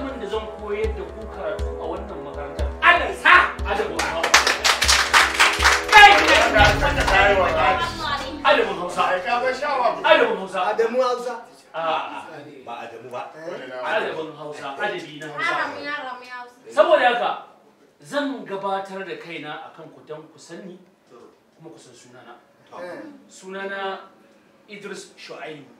malamin da zan koyar da ku karatu a wannan makarantar Allah sa adabin Hausa kai ne da kanta sai wa adabin Hausa ai ka ga shawa adabin Hausa adabin Hausa ba mu ba adabin Hausa adabi na Hausa saboda haka zan gabatar da kaina akan ku dan ku sanni kuma ku san sunana eh. sunana Idris Shu'aibu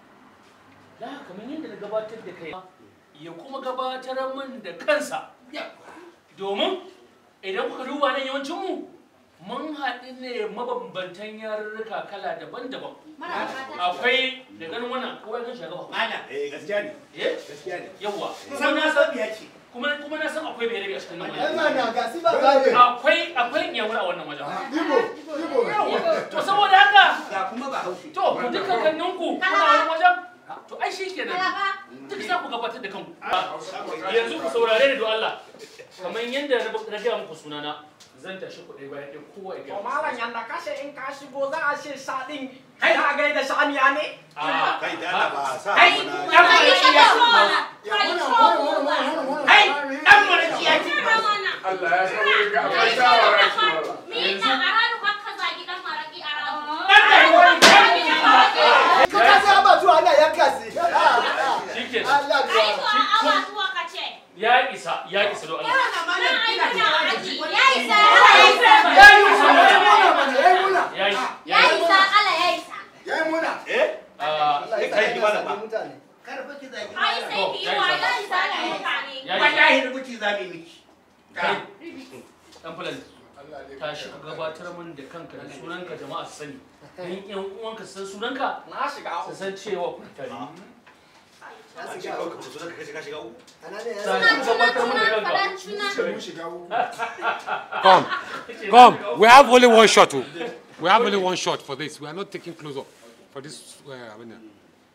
da kamar yadda na gabatar da kai ya kuma gabatar min da kansa domin idan kuka duba nan yawancin mu mun haɗu ne mabambantan yarurruka kala daban-daban akwai da ganin kan shagaba eh gaskiya ne eh? gaskiya ne yawa kuma na san biya ce kuma kuma na san akwai a cikin wajen ba gabe a wannan wajen ah, to saboda haka ga kuma haushi to ku wajen ai shi ke duk ku da kanku yanzu ku saurare ni don Allah kamar yadda na gaya muku sunana zan tashi kuɗi bayan ɗin kowa ya gaya yanda in ka shigo za a ce sa ɗin kai a gaida sha'ani ya ne ah. kai da ba sa kai ya b'a ya ya b'a Come, come. We have only one shot. Oh. We have only one shot for this. We are not taking close up for this. Uh, uh,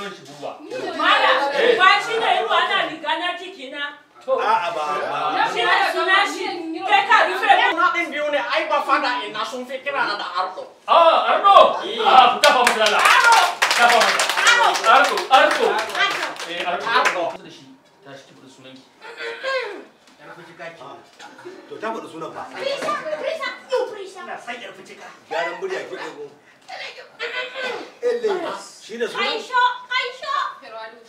sunan shi buba. Mala, ba shi ne ruwa na riga na ciki na. A'a ba. Shi ne sunan shi. Kai ka rufe mu. Na ɗin biyu ne ai ba fada ina sun fi kira na da Ardo. Ah, Ardo. Ah, ku kafa mutala. Ardo. Kafa mutala. Ardo. Ardo. Ardo. Eh, Ardo. Ardo. Da shi, ta shi kifa sunan ki. Ah, to ta faɗi sunan Prisa, Prisa, yo Prisa. Na ka. murya ki ɗago. Ele. Shi ne sunan. Malam.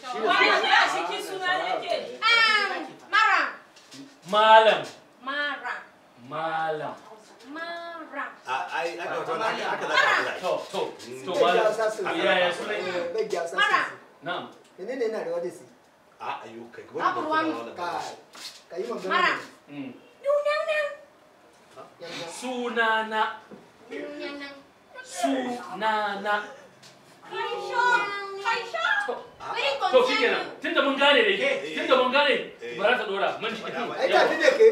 Mara. Malam. na Mara. Mara. Sunana. Sunana. to shi kenan tunda mun gane eh, eh. ne da mun gane eh. ba za ta dora mun ai ta ne ke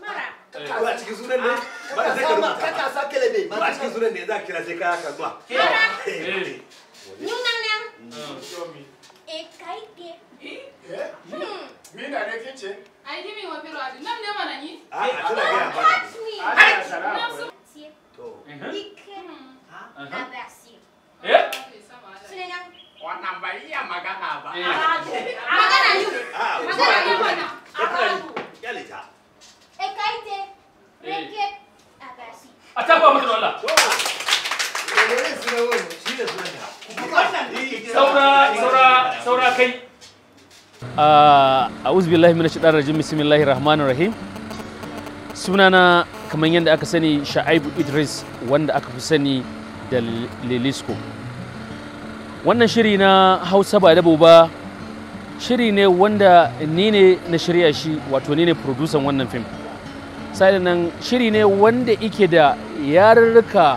mara ba cikin sunan ne ah. ba ka sake lebe ba cikin sunan ne za ka kira sai ka ka zuwa ba mutum Allah saura saura saura a ah, rahim sunana kamar yadda aka sani sha'aibu idris wanda aka fi sani da lilisco wannan shiri na hausa ba dabo ba shiri ne wanda ni ne na shirya shi wato ni ne producer wannan fim sai nan shiri ne wanda ike da yarurruka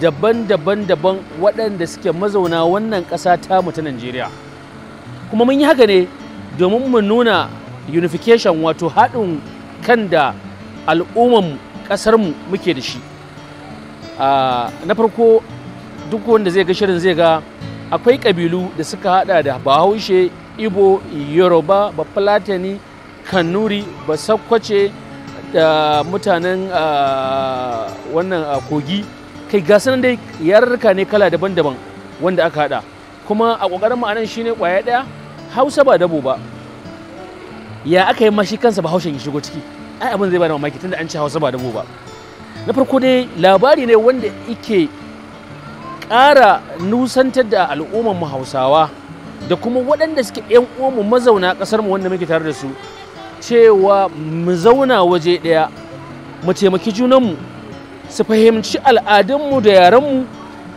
daban-daban daban waɗanda suke mazauna wannan ƙasa tamu ta Najeriya. Kuma mun yi haka ne domin mu nuna unification wato haɗin kan da al'umman ƙasarmu muke da shi. Ah, na farko duk wanda zai ga shirin zai ga akwai ƙabilu da suka haɗa da Bahaushe, Ibo, Yoruba, Bafulatani, Kanuri, Basakwace, da mutanen ah, wannan ah, kogi kai gasu nan dai yararka ne kala daban-daban wanda aka hada kuma a ƙoƙarin ma'anan ne ƙwaya ɗaya hausa ba dabo ba ya aka yi mashi kansa ba haushen ya shigo ciki ai abin zai ba da mamaki tunda an ce hausa ba dabo ba na farko dai labari ne wanda yake ƙara nusantar da al'ummar mu hausawa da kuma waɗanda suke 'yan uwanmu mazauna ƙasar mu wanda muke tare da su cewa mu zauna waje ɗaya mu taimaki junanmu su fahimci al'adunmu da yarenmu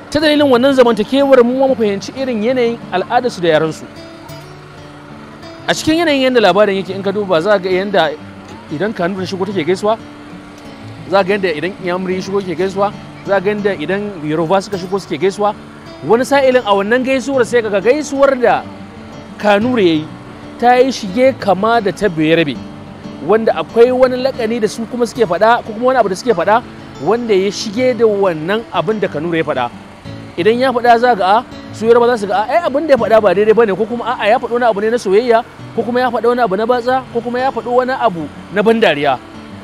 ta dalilin wannan zamantakewar mu mu fahimci irin yanayin al'adarsu da yarensu a cikin yanayin yadda labarin yake in ka duba za ga yadda idan kanu da shigo take gaisuwa za ga yadda idan yamri shigo ke gaisuwa za ga yadda idan yoruba suka shigo suke gaisuwa wani sa'ilin a wannan gaisuwar sai ga gaisuwar da kanure ya yi ta yi shige kama da ta berabe wanda akwai wani lakani da su kuma suke faɗa ko kuma wani abu da suke faɗa wanda ya shige da wannan abin da kanura ya faɗa idan ya faɗa za ga su yarba za su ga ai abin da ya faɗa ba daidai bane ko kuma a'a ya faɗo wani abu ne na soyayya ko kuma ya faɗo wani abu na batsa ko kuma ya faɗo wani abu na ban dariya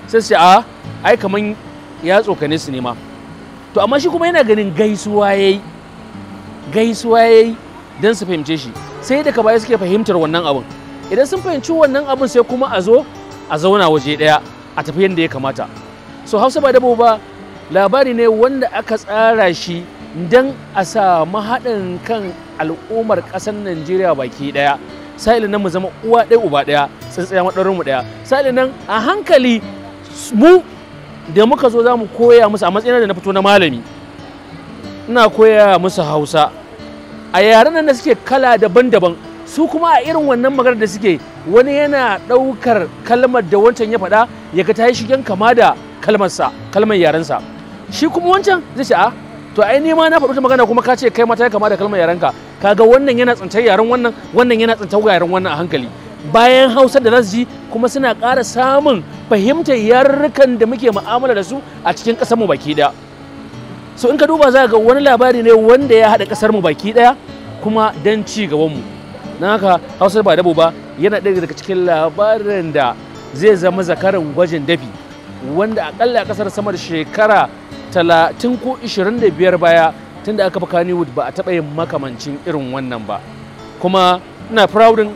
sai su a ai kaman ya tsokane su ne ma to amma shi kuma yana ganin gaisuwa yayi gaisuwa yayi don su fahimce shi sai daga baya suke fahimtar wannan abin idan sun fahimci wannan abin sai kuma a zo a zauna waje daya a tafi yadda ya kamata so hausa ba dabo ba labari ne wanda aka tsara shi don a samu haɗin kan al'ummar ƙasar najeriya baki ɗaya sa'ilin nan mu zama uwa ɗaya uba ɗaya sun tsintsiya maɗaurinmu ɗaya sa'ilin nan a hankali mu da muka zo za mu koya musu a matsayin da na fito na malami ina koya musu hausa a yaren nan da suke kala daban-daban su kuma a irin wannan maganar da suke wani yana ɗaukar kalmar da wancan ya faɗa ya ga ta yi shigen kama da kalmarsa kalmar yarensa shi kuma wancan zai ce a ah, to ai ni ma na faɗi magana kuma ka ce kai ma ta kama da kalmar yarenka kaga wannan yana tsantar yaren wannan wannan yana tsantar yaren wannan a hankali bayan Hausa da zasu ji kuma suna ƙara samun fahimtar yarurrukan da muke mu'amala da su a cikin ƙasar mu baki ɗaya so in ka duba za ga wani labari ne wanda ya haɗa ƙasar mu baki ɗaya kuma don ci gabanmu. mu na haka hausa ba dabo ba yana ɗaya daga cikin labarin da zai zama zakaran gwajin dafi wanda akalla a kasar sama da shekara talatin ko 25 baya tunda aka fi kaniwood ba a taɓa yin makamancin irin wannan ba kuma ina proudin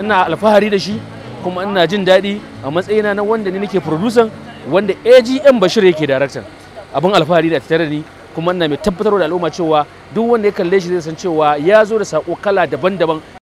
ina alfahari da shi kuma ina jin daɗi a matsayina na wanda ne nake producer wanda AGM Bashir yake director abin alfahari da tattare ni kuma ina mai tabbatar da al'umma cewa duk wanda ya kalle shi zai san cewa ya zo da sako kala daban-daban